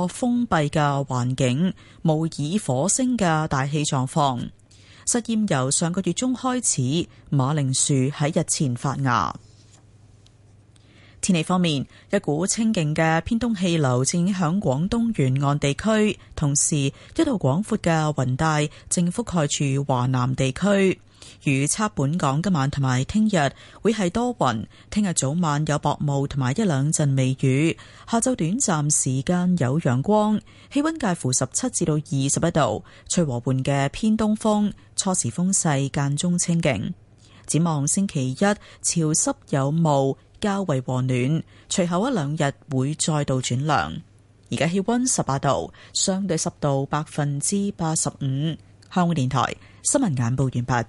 個封閉嘅環境模擬火星嘅大氣狀況。實驗由上個月中開始，馬鈴薯喺日前發芽。天氣方面，一股清勁嘅偏東氣流正影響廣東沿岸地區，同時一度廣闊嘅雲帶正覆蓋住華南地區。預測本港今晚同埋聽日會係多雲，聽日早晚有薄霧同埋一兩陣微雨，下晝短暫時間有陽光，氣溫介乎十七至到二十一度，吹和緩嘅偏東風，初時風勢間中清勁。展望星期一潮濕有霧，較為和暖，隨後一兩日會再度轉涼。而家氣溫十八度，相對濕度百分之八十五。香港電台新聞眼報完畢。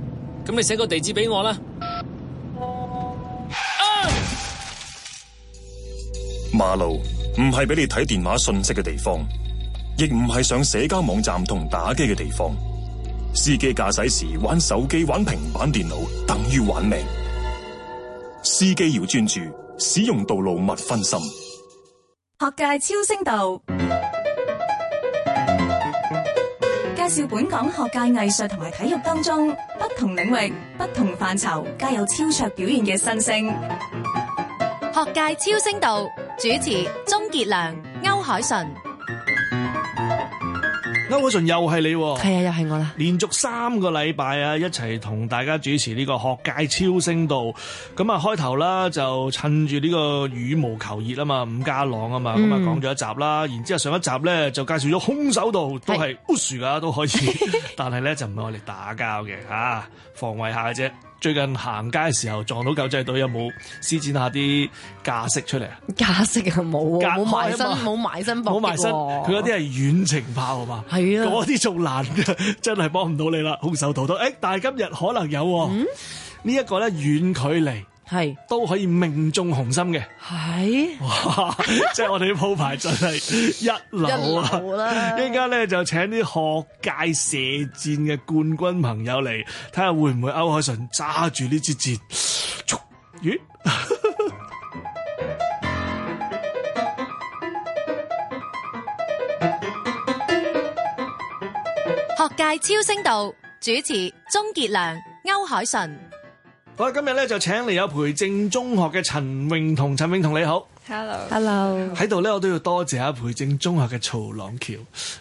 咁你寫個地址俾我啦。啊、馬路唔係俾你睇電話信息嘅地方，亦唔係上社交網站同打機嘅地方。司機駕駛時玩手機、玩平板電腦，等於玩命。司機要專注，使用道路咪分心。學界超聲道。嗯照本港學界、藝術同埋體育當中不同領域、不同範疇皆有超卓表現嘅新星，學界超星道主持鍾傑良、歐鎧淳。Jackson 又係你？啊，係啊，又係我啦。連續三個禮拜啊，一齊同大家主持呢個學界超聲道。咁啊，開頭啦就趁住呢個羽毛球熱啊嘛，伍家朗啊嘛，咁啊講咗一集啦，啊。然之後上一集咧，就介紹咗空手道，都係 ush 噶，都可以，但係咧，就唔係我哋打交嘅，吓 防衛下嘅啫。最近行街嘅時候撞到狗仔隊，有冇施展下啲架式出嚟啊？架式啊，冇，冇埋身，冇埋身，冇埋身，佢嗰啲係遠程炮是啊嘛，嗰啲仲難， 真係幫唔到你啦，空手逃走。誒、欸，但係今日可能有、啊嗯、呢一個咧遠距離。係是都可以命中紅心嘅，係哇是！ 即係我哋啲鋪排真係一流，啊、一陣間咧就請啲學界射箭嘅冠軍朋友嚟睇下，看看會唔會歐鎧淳揸住呢支箭中？咦 ！學界超聲道主持鍾傑良、歐鎧淳。好啦，我今日咧就請嚟有培正中學嘅陳穎彤，陳穎彤你好。Hello，喺度咧，我都要多謝阿培正中學嘅曹朗橋，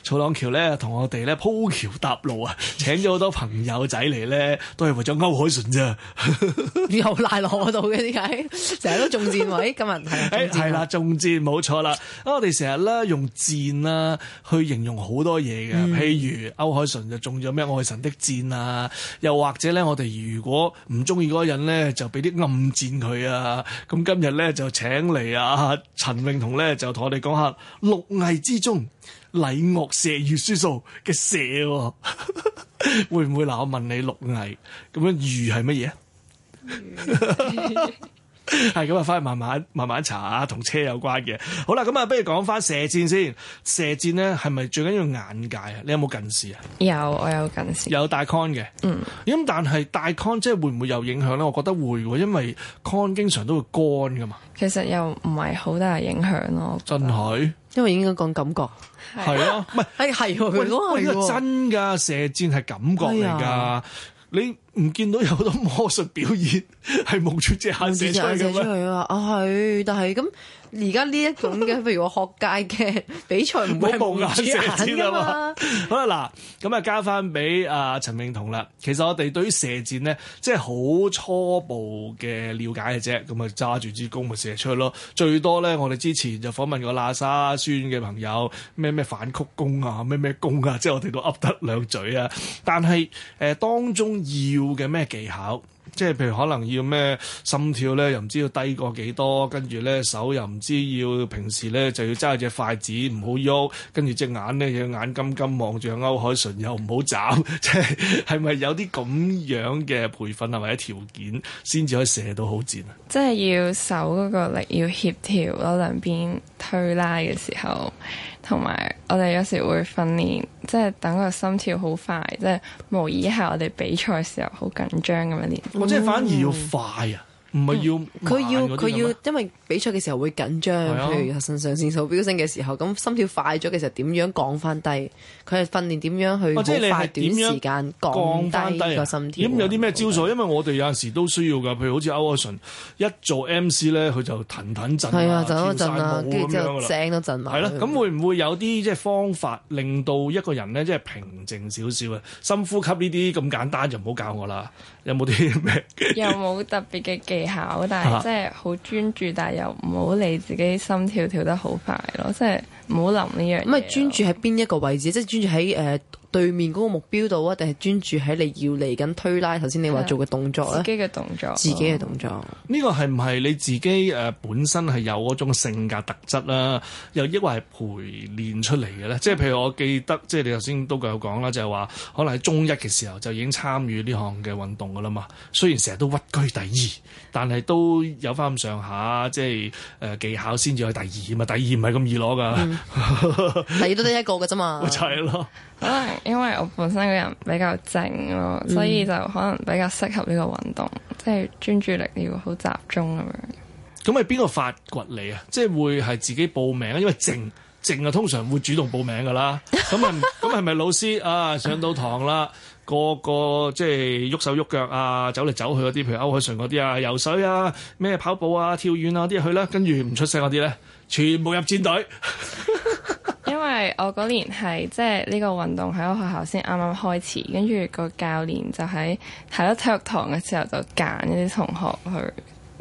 曹朗橋咧同我哋咧鋪橋搭路啊，請咗好多朋友仔嚟咧，都係為咗歐鎧淳啫， 又賴落我度嘅點解？成日都中箭位，今日係係啦，中箭冇錯啦。啊，我哋成日咧用箭啊去形容好多嘢嘅，譬如歐鎧淳就中咗咩愛神的箭啊，又或者咧，我哋如果唔中意嗰個人咧，就俾啲暗箭佢啊。咁今日咧就請嚟啊！啊！陳穎彤咧就同我哋講下六藝之中禮樂射御書數嘅射， 會唔會嗱？我問你六藝咁樣御係乜嘢啊？ 係咁啊，翻去慢慢慢慢查下同車有關嘅。好啦，咁啊，不如講翻射箭先。射箭咧係咪最緊要眼界啊？你有冇近視啊？有，我有近視。有戴 con 嘅，嗯。咁但係戴 con 即係會唔會有影響咧？我覺得會，因為 con 經常都會乾噶嘛。其實又唔係好大影響咯。真係的？因為應該講感覺。係咯，唔係，係佢講係真噶，射箭係感覺嚟噶。 你唔見到有好多魔術表演係蒙住隻眼射出去嘅啊，係、 哦，但係咁。而家呢一種嘅，譬 如我學界嘅比賽，唔 會係唔射箭噶嘛。 嗯、好啦，嗱，咁啊交翻俾阿陳穎彤啦。其實我哋對於射箭咧，即係好初步嘅了解嘅啫。咁啊揸住支弓咪射出去咯。最多咧，我哋之前就訪問過喇沙孫嘅朋友，咩咩反曲弓啊，咩咩弓啊，即、就、係、是、我哋都噏得兩嘴啊。但係誒、呃、當中要嘅咩技巧？即係譬如可能要咩心跳咧，又唔知要低過幾多，跟住咧手又唔知要平時咧就要揸隻筷子唔好喐，跟住隻眼咧要眼金金望住歐鎧淳又唔好眨，即係係咪有啲咁樣嘅培訓啊或者條件先至可以射到好箭啊？即係要手嗰個力要協調囉，兩邊推拉嘅時候。同埋我哋有時會訓練，即係等個心跳好快，即係模擬下我哋比賽嘅時候好緊張咁樣練。我、嗯、即係反而要快啊！唔係要佢要佢要，因為比賽嘅時候會緊張，譬如腎上腺素飆升嘅時候，咁心跳快咗嘅時候點樣降翻低？佢係訓練點樣去？哦，即係你係點樣降翻低個心跳？咁有啲咩招數？因為我哋有陣時都需要㗎，譬如好似歐鎧淳一做 MC 咧，佢就騰騰震啊，跟住舞咁樣㗎啦。係啦，咁會唔會有啲即係方法令到一個人咧即係平靜少少啊？深呼吸呢啲咁簡單就唔好教我啦。有冇啲咩？有冇特別嘅技技巧，但係即係好專注，但係又唔好理自己心跳跳得好快咯，即係唔好諗呢樣嘢，唔係專注喺邊一個位置？即係專注喺誒。呃對面嗰個目標度啊，定係專注喺你要嚟緊推拉？頭先 你話做嘅動作咧，自己嘅動作，嗯、自己嘅動作。呢個係唔係你自己誒本身係有嗰種性格特質啦、啊？又抑或係陪練出嚟嘅咧？即係譬如我記得，即係你頭先都有講啦，就係、是、話可能喺中一嘅時候就已經參與呢項嘅運動噶啦嘛。雖然成日都屈居第二，但係都有翻咁上下，即係誒技巧先至去第二嘛。第二唔係咁易攞㗎，嗯、 第二都得一個㗎啫嘛。就係咯，唉。因為我本身個人比較靜咯，所以就可能比較適合呢個運動，即係專注力要好集中咁樣。咁係邊個發掘你啊？即係會係自己報名啊？因為靜靜啊，靜就通常會主動報名噶啦。咁 啊，咁係咪老師啊上到堂啦，個個即係喐手喐腳啊，走嚟走去嗰啲，譬如歐鎧淳嗰啲啊，游水啊，咩跑步啊，跳遠啊啲去啦。跟住唔出聲嗰啲咧，全部入戰隊。 因為我嗰年係即係呢個運動喺我學校先啱啱開始，跟住個教練就喺喺咯體育堂嘅時候就揀一啲同學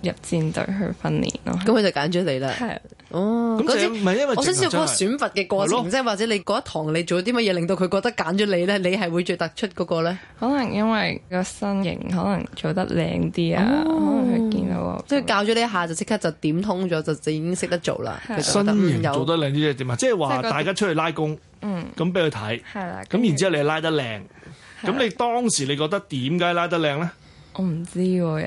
去入戰隊去訓練咯。咁佢就揀咗你啦。係。哦，咁即係唔係，因為我想知嗰個選拔嘅過程，即係、即係即係、或者你嗰一堂你做啲乜嘢，令到佢覺得揀咗你咧？你係會最突出嗰個咧？可能因為個身形可能做得靚啲啊，佢、哦、見到我，即係教咗你一下就即刻就點通咗，就已經識得做啦。的身形做得靚啲即係點啊？即係話大家出去拉弓，嗯，咁俾佢睇，係啦的，咁然之後，後你拉得靚，咁的你當時你覺得點解拉得靚咧？我唔知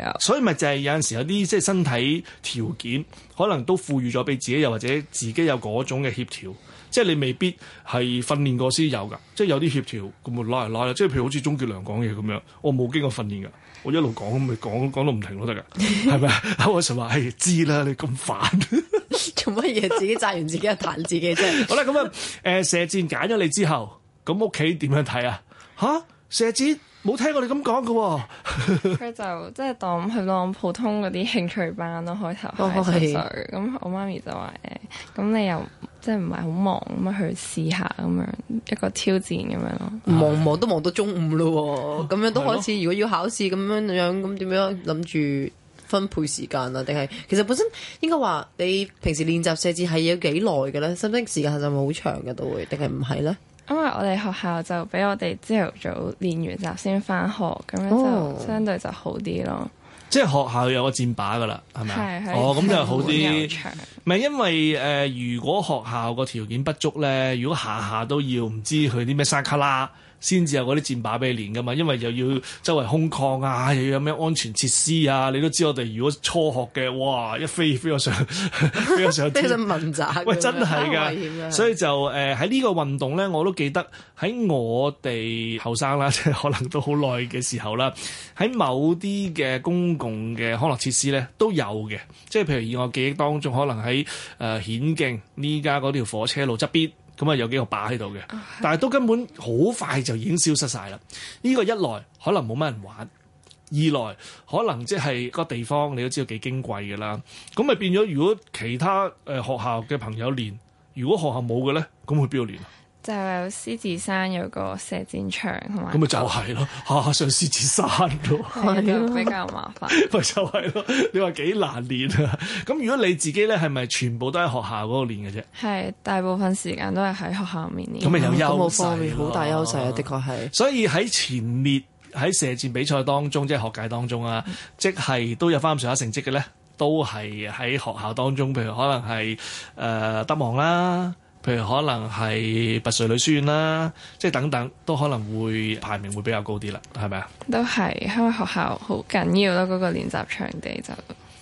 啊、哦，所以咪就係有陣時有啲即係身體條件，可能都賦予咗俾自己，又或者自己有嗰種嘅協調，即係你未必係訓練過先有噶，即係有啲協調咁咪拉嚟拉啦。即係譬如好似鍾傑良講嘢咁樣，我冇經過訓練噶，我一路講咁咪講講到唔停都得噶，係咪 我就話哎知啦，你咁煩， 做乜嘢自己扎完自己又彈自己啫？ 好啦，咁啊、呃，射箭揀咗你之後，咁屋企點樣睇啊？吓射箭。射冇聽過你咁講嘅喎，佢就即、是、係當佢當普通嗰啲興趣班咯、啊，開頭係七歲。咁、哦、我媽咪就話：誒、欸，咁你又即係唔係好忙咁去試下咁樣一個挑戰咁樣咯？嗯、忙忙都忙到中午咯喎、啊，咁 樣都開始。的如果要考試咁樣樣，咁點樣諗住分配時間啊？定係其實本身應該話你平時練習射箭係要幾耐嘅咧？甚至時間就係好長嘅都會，定係唔係咧？因為我哋學校就俾我哋朝頭早練完習先翻學，咁樣就相對就好啲咯。即係學校有個箭靶噶啦，係咪啊？的哦，咁的就好啲。唔係 因為誒、呃，如果學校個條件不足咧，如果下下都要唔知去啲咩山卡拉。先至有嗰啲箭靶俾你練㗎嘛，因為又要周圍空曠啊，又要有咩安全設施啊，你都知我哋如果初學嘅，哇！一飛飛到上，呵呵 飛到上天，呢啲問責。喂， 真係㗎，所以就誒喺呢個運動咧，我都記得喺我哋後生啦，即可能都好耐嘅時候啦，喺某啲嘅公共嘅康樂設施咧都有嘅，即係譬如以我記憶當中，可能喺誒顯徑呢家嗰條火車路側邊。咁啊有幾個靶喺度嘅，但係都根本好快就已經消失晒啦。呢個一來可能冇乜人玩，二來可能即係個地方你都知道幾矜貴㗎啦。咁咪變咗，如果其他誒、呃、學校嘅朋友練，如果學校冇嘅咧，咁去邊度練？就有獅子山有個射箭場，咁咪就係咯，下下上獅子山咯，比較麻煩。咪就係咯，你話幾難練啊？咁 如果你自己咧，係咪全部都喺學校嗰度練嘅啫？係大部分時間都係喺學校面練，咁咪有優勢，好大優勢啊！的確係。所以喺前列，喺射箭比賽當中，即係學界當中啊， 即係都有翻咁上下成績嘅咧，都係喺學校當中，譬如可能係誒德望啦。譬如可能係拔萃女書院啦，即係等等都可能會排名會比較高啲啦，係咪啊？都係香港學校好緊要咯，嗰、嗰個練習場地就是。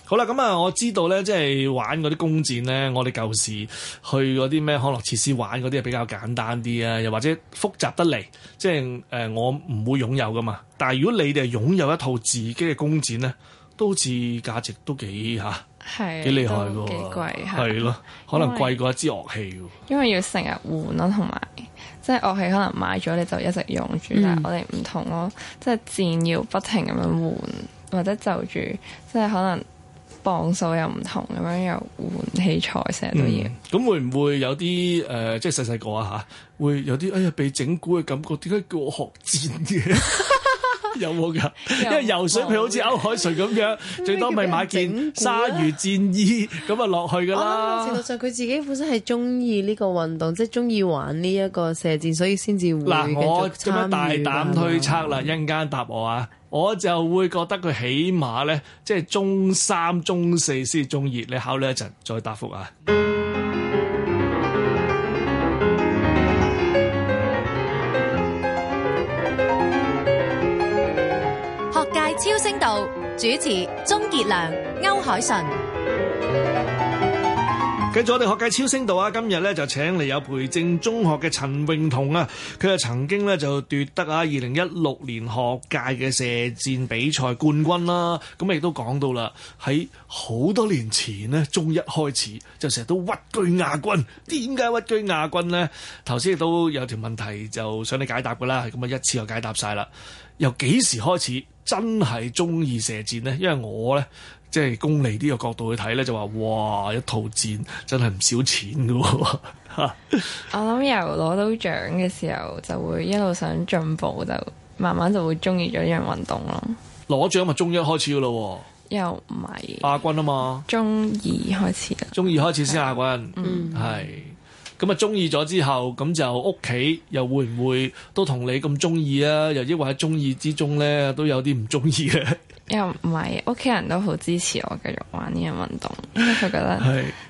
好啦，咁啊，我知道咧，即係玩嗰啲弓箭咧，我哋舊時去嗰啲咩康樂設施玩嗰啲係比較簡單啲啊，又或者複雜得嚟，即係誒、呃、我唔會擁有噶嘛。但係如果你哋係擁有一套自己嘅弓箭咧，都好似價值都幾嚇。啊。係幾是厲害喎，幾貴，係咯，的的可能為貴過一支樂器喎。因為要成日換咯、啊，同埋即係樂器可能買咗你就一直用住，嗯、但係我哋唔同咯、啊，即係箭要不停咁樣換，或者就住即係可能磅數又唔同咁樣又換器材，成日都要。咁、嗯、會唔會有啲誒、呃，即係細細個啊嚇，會有啲哎呀被整蠱嘅感覺？點解叫我學箭嘅？ 有冇噶？因為游水譬如好似歐鎧淳咁樣， 最多咪買件鯊魚戰衣咁啊落去噶啦。程度上佢自己本身係中意呢個運動，即係中意玩呢一個射箭，所以先至會嗱。我咁樣大膽推測啦，一陣間話答我啊，我就會覺得佢起碼咧，即係中三、中四先中意。你考慮一陣再答覆啊。道主持鍾杰良、歐鎧淳，跟住我哋學界超聲道啊！今日咧就請嚟有培正中學嘅陳穎彤啊，佢係曾經咧就奪得啊二零一六年學界嘅射箭比賽冠軍啦。咁亦都講到啦，喺好多年前呢，中一開始就成日都屈居亞軍。點解屈居亞軍呢？頭先亦都有條問題就想你解答噶啦，係咁啊，一次就解答晒啦。由幾時開始？真係中意射箭咧，因為我咧即係功利啲嘅角度去睇咧，就話哇一套箭真係唔少錢噶吓。我諗由攞到獎嘅時候，就會一路想進步，就慢慢就會中意咗呢樣運動咯。攞獎咪中一開始噶咯，啊，又唔係亞軍啊嘛，中二開始啦，中二開始先亞軍，嗯係。咁啊，中意咗之後，咁就屋企又會唔會都同你咁中意啊？又抑或喺中意之中咧，都有啲唔中意嘅。 又唔係，屋企人都好支持我繼續玩呢樣運動，因為佢覺得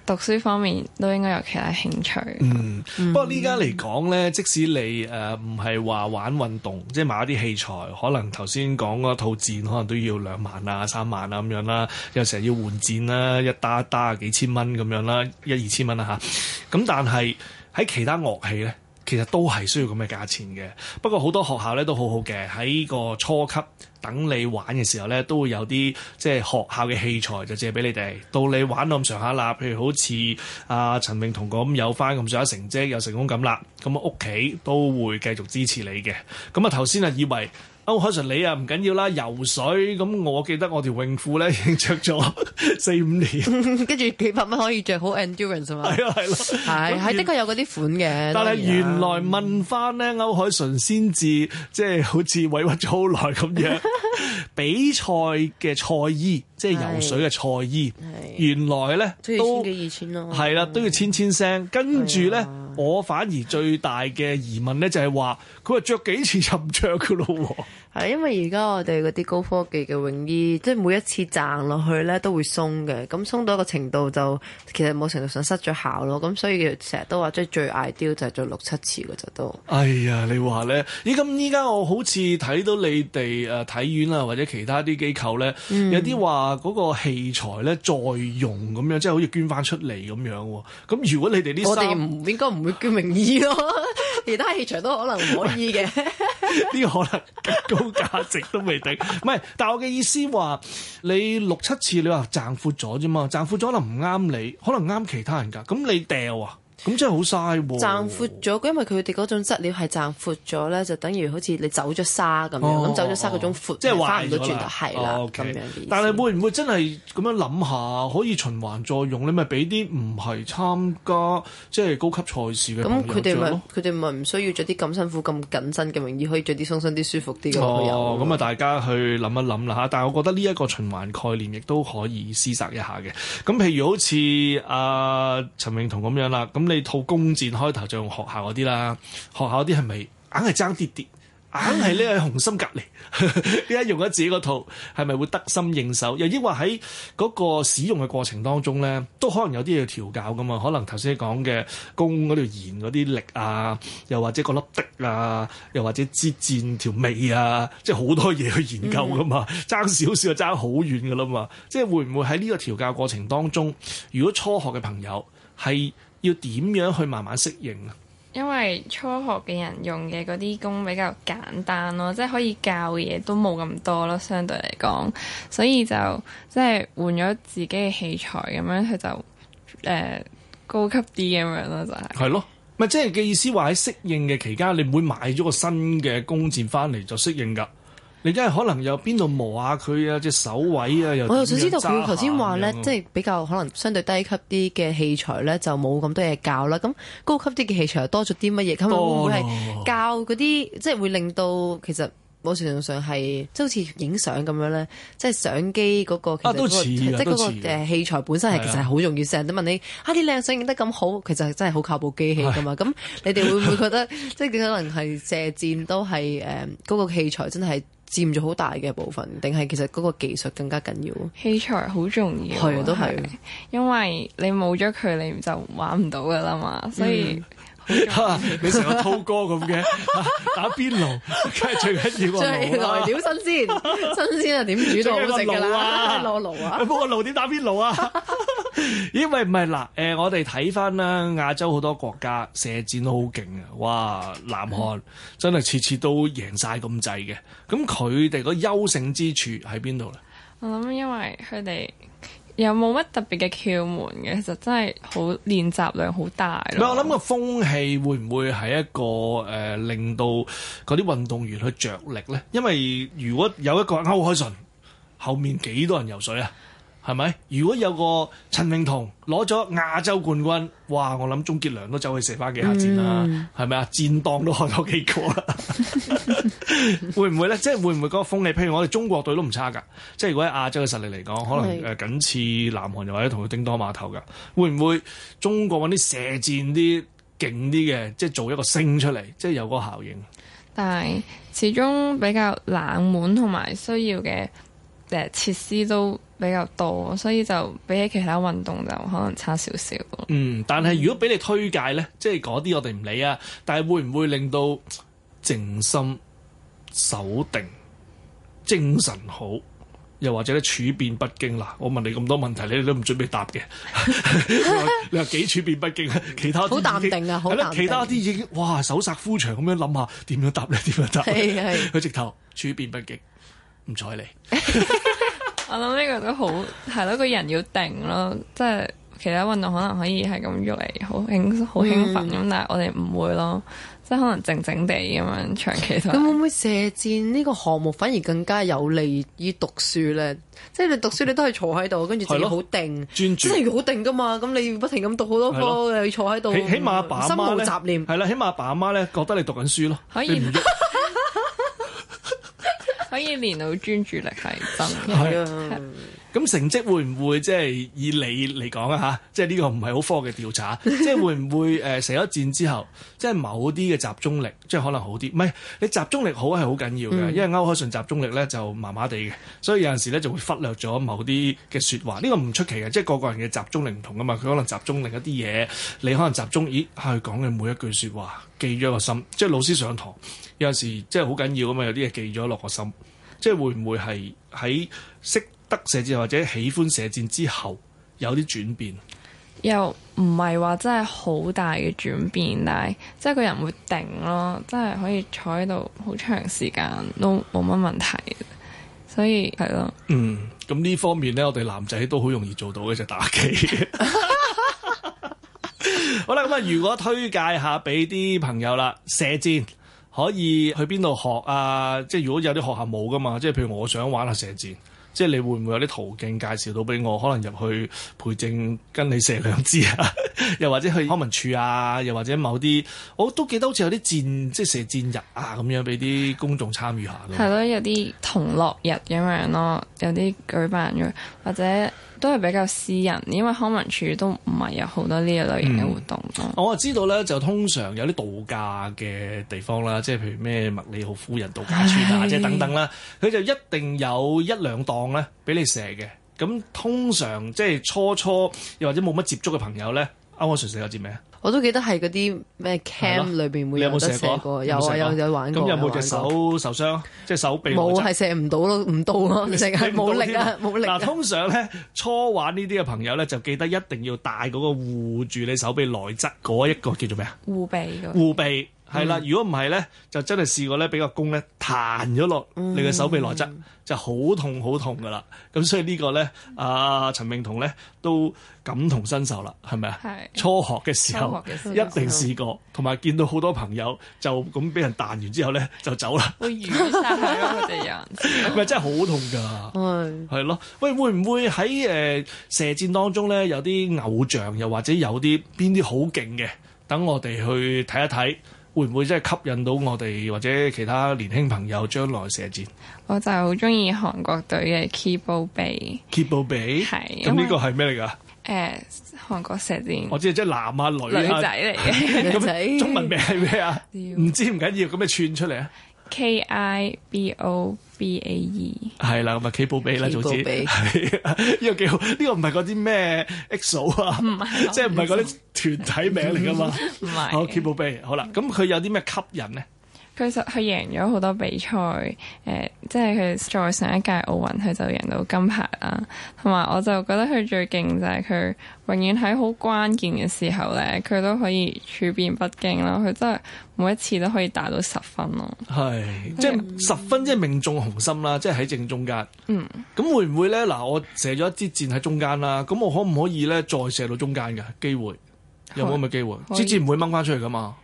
讀書方面都應該有其他興趣。 嗯，不過依家嚟講咧，即使你誒唔係話玩運動，即係買一啲器材，可能頭先講嗰套箭，可能都要兩萬啊、三萬啊咁樣啦，又成日要換箭啦，一打一打啊幾千蚊咁樣啦，一二千蚊啦嚇。咁但係喺其他樂器咧。其實都係需要咁嘅價錢嘅，不過好多學校咧都好好嘅，喺個初級等你玩嘅時候咧，都會有啲即係學校嘅器材就借俾你哋。到你玩到咁上下啦，譬如好似阿陳穎彤咁，啊、有翻咁上下成績，有成功感啦，咁屋企都會繼續支持你嘅。咁啊頭先啊以為。歐海純你啊，唔緊要啦，游水咁我記得我條泳褲咧已經着咗四五年，跟住 幾百蚊可以着好 endurance 嘛，係咯係咯，係係、啊、嗯，的確有嗰啲款嘅。但係原來，嗯，問翻咧歐海純先至即係好似委屈咗好耐咁嘅比賽嘅賽衣。即係游水嘅賽衣，的原來咧即係千幾二千咯，都係啦，都要千千聲。的跟住咧，哎、呀我反而最大嘅疑問咧，就係話佢話着幾次就唔著嘅咯喎。 係，因為而家我哋嗰啲高科技嘅泳衣，即係每一次掙落去咧都會鬆嘅，咁鬆到一個程度就其實某程度上失咗效咯。咁所以成日都話即係最 ideal 就係做六七次嘅就都。哎呀，你話咧？咦，咁依家我好似睇到你哋誒體院啊，或者其他啲機構咧，嗯、有啲話嗰個器材咧再用咁樣，即係好似捐翻出嚟咁樣喎。咁如果你哋啲我哋唔應該唔會捐泳衣咯， 其他器材都可能唔可以嘅。 呢 個可能高價值都未定，唔係，但係我嘅意思話，你六七次你話賺闊咗啫嘛，賺闊咗可能唔啱你，可能啱其他人㗎，咁你掉啊！咁真係好嘥喎！窄闊咗因為佢哋嗰種質料係窄闊咗咧，就等於好似你走咗沙咁樣，咁、哦嗯、走咗沙嗰種闊翻唔到轉啦，啦。但係會唔會真係咁樣諗下，可以循環再用？你咪俾啲唔係參加即係、就是、高級賽事嘅、嗯，咁佢哋咪佢哋咪唔需要着啲咁辛苦、咁緊身嘅泳衣，可以着啲鬆身啲、舒服啲嘅哦，咁啊，大家去諗一諗啦嚇。但係我覺得呢一個循環概念亦都可以試實一下嘅。咁譬如好似阿、呃呃呃、陳穎彤咁樣啦，咁。你套弓箭開頭就用學校嗰啲啦，學校嗰啲係咪硬係爭啲啲？硬係呢，喺紅心隔籬？依 家用咗自己個套，係咪會得心應手？又抑或喺嗰個使用嘅過程當中咧，都可能有啲嘢調教噶嘛？可能頭先講嘅弓嗰條弦嗰啲力啊，又或者嗰粒滴啊，又或者支箭條尾啊，即係好多嘢去研究噶嘛？爭少少就爭好遠噶啦嘛？即係會唔會喺呢個調教過程當中，如果初學嘅朋友係？要點樣去慢慢適應啊？因為初學嘅人用嘅嗰啲弓比較簡單咯，即係可以教嘅嘢都冇咁多咯，相對嚟講，所以就即係換咗自己嘅器材咁樣，佢就誒、呃、高級啲咁樣咯，就係咯，就係係咯，咪即係嘅意思話喺適應嘅期間，你唔會買咗個新嘅弓箭翻嚟就適應㗎。你真係可能有邊度磨下佢啊？即係手位啊，又我又想知道佢頭先話咧，即係比較可能相對低級啲嘅器材咧，就冇咁多嘢教啦。咁高級啲嘅器材又多咗啲乜嘢？會唔會係教嗰啲？即係會令到其實某程度上係即係好似影相咁樣咧，即係相機嗰個啊，都即係嗰個器材本身係其實係好重要。成日都問你啊，啲靚相影得咁好，其實真係好靠部機器㗎嘛。咁你哋會唔會覺得即係可能係射箭都係誒嗰個器材真係？佔咗好大嘅部分，定係其實嗰個技術更加緊要？器材好重要，係啊，都係、e，因為你冇咗佢，你就玩唔到噶啦嘛，所以，你成個滔哥咁嘅，打邊爐梗係最緊要。最來料新鮮，新鮮啊點煮都好食噶啦，攞爐啊，幫我爐點打邊爐啊！ 因為唔係啦，誒、呃，我哋睇翻啦，亞洲好多國家射箭都好勁啊，哇，南韓真係次次都贏晒咁滯嘅，咁佢哋個優勝之處喺邊度？咧，我諗因為佢哋有冇乜特別嘅竅門嘅，其實真係好練習量好大。呃、我諗個風氣會唔會係一個誒、呃、令到嗰啲運動員去着力咧？因為如果有一個歐鎧淳，後面幾多人游水啊？係咪？如果有個陳穎彤攞咗亞洲冠軍，哇！我諗鍾傑良都走去射翻幾下箭啦，係咪啊？嗯、戰蕩都開多幾個啦， 會唔會咧？即係會唔會嗰個風氣？譬如我哋中國隊都唔差噶，即係如果喺亞洲嘅實力嚟講，可能誒僅次南韓又或者同佢叮當碼頭噶，會唔會中國揾啲射箭啲勁啲嘅，即係做一個星出嚟，即係有嗰個效應？但係始終比較冷門，同埋需要嘅誒設施都。比較多，所以就比起其他運動就可能差少少。嗯，但係如果俾你推介咧，即係嗰啲我哋唔理啊。但係會唔會令到靜心、守定、精神好，又或者咧處變不驚啦？我問你咁多問題，你哋都唔準備答嘅。你話幾處變不驚？其他好淡定啊，好淡定。其他啲已經哇手殺枯腸咁樣諗下，點樣答咧？點樣答？係係佢直頭處變不驚，唔睬你。我諗呢個都好，係咯，個人要定咯，即係其他運動可能可以係咁喐嚟，好興好興奮咁，嗯、但係我哋唔會咯，即係可能靜靜地咁樣長期都係。咁會唔會射箭呢個項目反而更加有利於讀書咧？即係你讀書你都係坐喺度，跟住自己好定專注，真係要好定噶嘛？咁你要不停咁讀好多科，要了坐喺度。起碼阿爸阿媽咧，心冇雜念，係啦，起碼阿爸阿媽咧覺得你讀緊書咯，跟住喐。你不 可以練到專注力係真嘅。咁成績會唔會即係以你嚟講啊？嚇，即係呢個唔係好科嘅調查，即係 會唔會誒成咗戰之後，即係某啲嘅集中力即係可能好啲？唔係你集中力好係好緊要嘅，因為歐鎧淳集中力咧就麻麻地嘅，所以有陣時咧就會忽略咗某啲嘅説話。呢、這個唔出奇嘅，即係個個人嘅集中力唔同啊嘛，佢可能集中力一啲嘢，你可能集中咦佢講嘅每一句説話記咗個心，即係老師上堂有陣時即係好緊要啊嘛，有啲嘢記咗落個心，即係會唔會係喺識？得射箭或者喜歡射箭之後有啲轉變，又唔係話真係好大嘅轉變，但係即係個人會定咯，即係可以坐喺度好長時間都冇乜問題，所以係咯。嗯，咁呢方面咧，我哋男仔都好容易做到嘅就係、打機。 好啦，咁、嗯、啊，如果推介下俾啲朋友啦，射箭可以去邊度學啊？即係如果有啲學校冇噶嘛，即係譬如我想玩下射箭。即係你會唔會有啲途徑介紹到俾我，可能入去培正跟你射兩支啊，又或者去康文署啊，又或者某啲，我都記得好似有啲箭，即係射箭日啊咁樣，俾啲公眾參與下咯。係咯 有啲同樂日咁樣咯，有啲舉辦咗或者。都係比較私人，因為康文署都唔係有好多呢一類型嘅活動咯，嗯。我就知道咧，就通常有啲度假嘅地方啦，即係譬如咩麥理浩夫人度假村啊，即係唉等等啦，佢就一定有一兩檔咧俾你射嘅。咁通常即係初初又或者冇乜接觸嘅朋友咧。啱我射死嗰支咩啊？我都記得係嗰啲咩 cam 裏邊會有得射過。有啊，有有玩過。咁有冇隻手受傷？即係手臂冇，係射唔到咯，唔到咯，淨係冇力啊，冇力。嗱，通常咧初玩呢啲嘅朋友咧，就記得一定要帶嗰個護住你手臂內側嗰一個叫做咩啊？護臂。護臂。係啦，嗯、如果唔係咧，就真係試過咧，俾個弓咧彈咗落你嘅手臂內側，嗯、就好痛好痛噶啦。咁所以呢、呢個咧，阿、呃、陳穎彤咧都感同身受啦，係咪啊？是初學嘅時候,時候一定試過，同埋、嗯、見到好多朋友就咁俾人彈完之後咧就走啦。個魚殺咗佢隻人，咪 真係好痛㗎。係係咯，喂，會唔會喺誒、呃、射箭當中咧有啲偶像，又或者有啲邊啲好勁嘅，等我哋去睇一睇？會唔會真係吸引到我哋或者其他年輕朋友將來射箭？我就好中意韓國隊嘅 Kibo Bay。Kibo Bay 係咁呢個係咩嚟㗎？誒韓國射箭，我知即係、就是、男啊女啊女仔嚟嘅，咁 仔 中文名係咩啊？唔 知唔緊要，咁樣串出嚟啊！K I B O B A E 係啦，咁啊 Keepo B 啦，總之呢個幾好，呢、呢個唔係啲咩 EXO 啊，唔係，即係唔係啲團體名嚟噶嘛？唔係，Keepo B 的好啦，咁佢有啲咩吸引咧？其實佢贏咗好多比賽，誒、呃，即係佢再上一屆奧運佢就贏到金牌啦。同埋，我就覺得佢最勁就係佢永遠喺好關鍵嘅時候咧，佢都可以處變不驚啦。佢真係每一次都可以打到十分咯。係是以，即係十分，即係命中紅心啦，即係喺正中間。嗯，咁會唔會咧？嗱，我射咗一支箭喺中間啦，咁我可唔可以咧再射到中間嘅機會？有冇咁嘅機會？以支箭唔會掹翻出嚟噶嘛？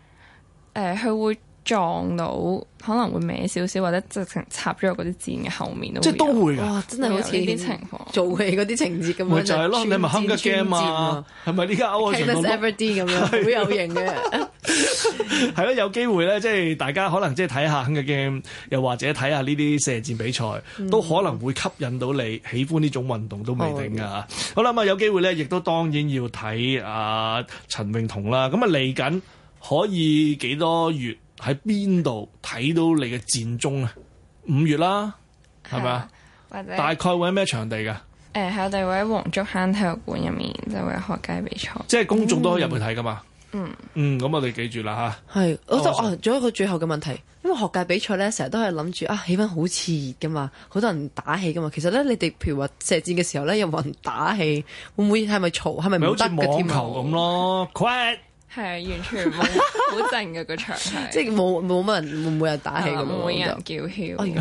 誒、呃，佢會。撞到可能會歪少少，或者直情插咗嗰啲箭嘅後面都即係都會嘅，真係好似呢啲情況，做戲嗰啲情節咁樣。唔就係咯，你咪坑嘅 game 嘛，係咪？呢家歐文咁樣好有型嘅，係咯，有機會咧，即係大家可能即係睇下坑嘅 game，又或者睇下呢啲射箭比賽，都可能會吸引到你喜歡呢種運動都未定㗎。好啦，咁啊，有機會咧，亦都當然要睇阿陳泳彤啦。咁啊，嚟緊可以幾多月？喺邊度睇到你嘅戰中啊？五月啦，係咪啊？大概會喺咩場地嘅？誒、呃，係我哋會喺黃竹坑體育館入面，就會有學界比賽。即係公眾都可以入去睇噶嘛？嗯嗯，咁、嗯、我哋記住啦吓。係，我都啊，仲有一個最後嘅問題，因為學界比賽咧，成日都係諗住啊，氣氛好熾熱噶嘛，好多人打氣噶嘛。其實咧，你哋譬如話射箭嘅時候咧，有冇人打氣？會唔會係咪嘈？係咪唔得嘅添？好似網球咁咯。係 完全好靜嘅個場，即係冇冇乜人會 每日打氣咁，冇 人叫囂。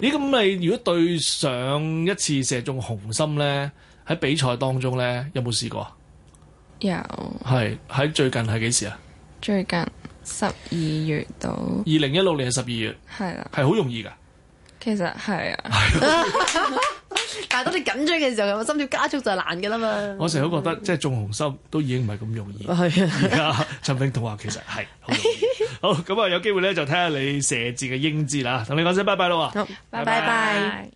咦，咁你如果對上一次射中紅心咧，喺比賽當中咧，有冇試過？有係喺最近係幾時啊？最近十二月到二零一六年係十二月，係啦，係好容易噶。其實係啊， 但係當你緊張嘅時候，有個心跳加速就難噶啦嘛。我成日都覺得 即係中紅心都已經唔係咁容易。而家陳穎彤同學其實係 好，咁啊，有機會咧就睇下，你射箭嘅英姿啦。同你講聲拜拜啦，好拜拜拜。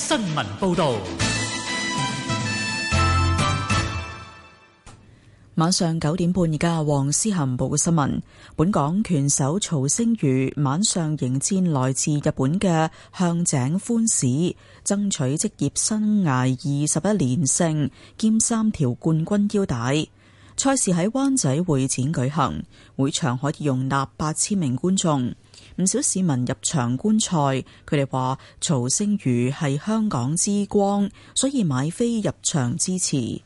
新聞報道。晚上九點半，而家黃思涵報嘅新聞。本港拳手曹星如晚上迎戰來自日本嘅向井寬市，爭取職業生涯二十一連勝兼三條冠軍腰帶。賽事喺灣仔會展舉行，會場可以容納八千名觀眾。唔少市民入場觀賽，佢哋話曹星如係香港之光，所以買飛入場支持。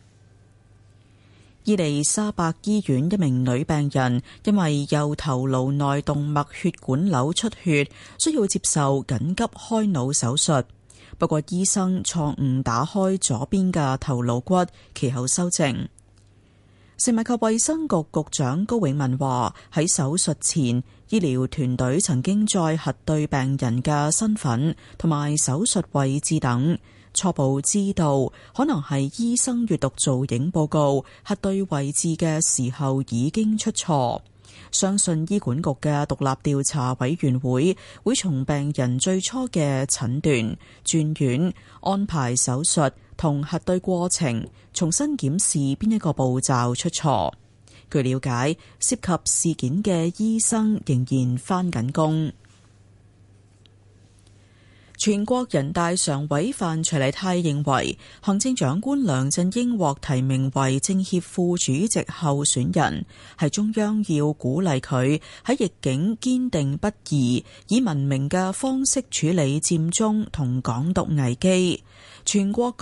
伊利沙伯醫院一名女病人因為右頭顱內動脈血管瘤出血，需要接受緊急開腦手術。不過醫生錯誤打開左邊嘅頭顱骨，其後修正。食物及衛生局局長高永文話：喺手術前，醫療團隊曾經再核對病人嘅身份同埋手術位置等，初步知道可能係醫生閱讀造影報告核對位置嘅時候已經出錯。相信醫管局嘅獨立調查委員會會從病人最初嘅診斷、轉院、安排手術。同核對過程，重新檢視邊一個步驟出錯。據了解，涉及事件嘅醫生仍然翻緊工。全國人大常委范徐麗泰認為，行政長官梁振英獲提名為政協副主席候選人，係中央要鼓勵佢喺逆境堅定不移，以文明嘅方式處理佔中同港獨危機。全國。